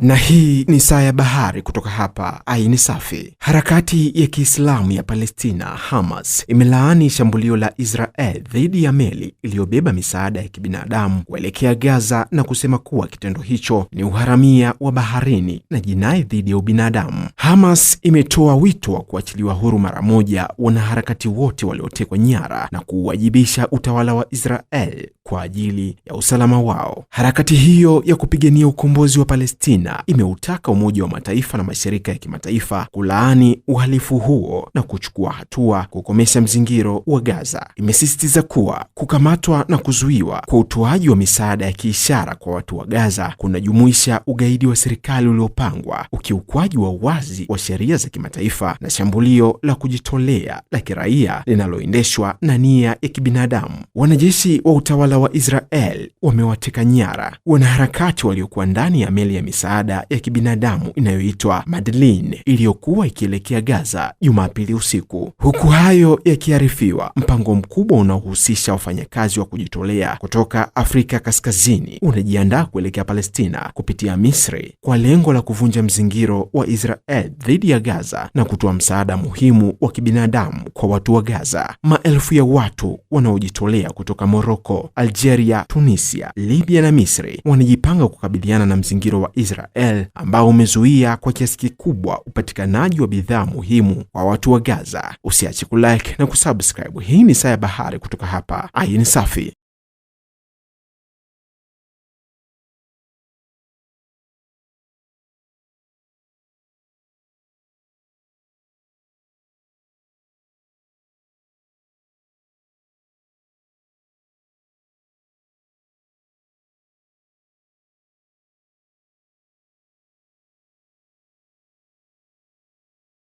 Na hii ni Saa ya Bahari kutoka hapa Ayin Safi. Harakati ya Kiislamu ya Palestina Hamas imelaani shambulio la Israel dhidi ya meli iliyobeba misaada ya kibinadamu kuelekea Gaza na kusema kuwa kitendo hicho ni uharamia wa baharini na jinai dhidi ya ubinadamu. Hamas imetoa wito wa kuachiliwa huru mara moja wanaharakati wote waliotekwa nyara na kuuwajibisha utawala wa Israel kwa ajili ya usalama wao. Harakati hiyo ya kupigania ukombozi wa Palestina imeutaka Umoja wa Mataifa na mashirika ya kimataifa kulaani uhalifu huo na kuchukua hatua kukomesha mzingiro wa Gaza. Imesisitiza kuwa kukamatwa na kuzuiwa kwa utoaji wa misaada ya kiishara kwa watu wa Gaza kunajumuisha ugaidi wa serikali uliopangwa, ukiukwaji wa wazi wa sheria za kimataifa na shambulio la kujitolea la kiraia linaloendeshwa na nia ya kibinadamu. Wanajeshi wa utawala utawala wa Israel wamewateka nyara wanaharakati waliokuwa ndani ya meli ya misaada ya kibinadamu inayoitwa Madlin iliyokuwa ikielekea Gaza Jumapili usiku. Huku hayo yakiarifiwa, mpango mkubwa unaohusisha wafanyakazi wa kujitolea kutoka Afrika Kaskazini unajiandaa kuelekea Palestina kupitia Misri kwa lengo la kuvunja mzingiro wa Israel dhidi ya Gaza na kutoa msaada muhimu wa kibinadamu kwa watu wa Gaza. Maelfu ya watu wanaojitolea kutoka Moroko, Algeria, Tunisia, Libya na Misri wanajipanga kukabiliana na mzingiro wa Israel ambao umezuia kwa kiasi kikubwa upatikanaji wa bidhaa muhimu kwa watu wa Gaza. Usiache kulike na kusubscribe. Hii ni Saa ya Bahari kutoka hapa Ayin Safi.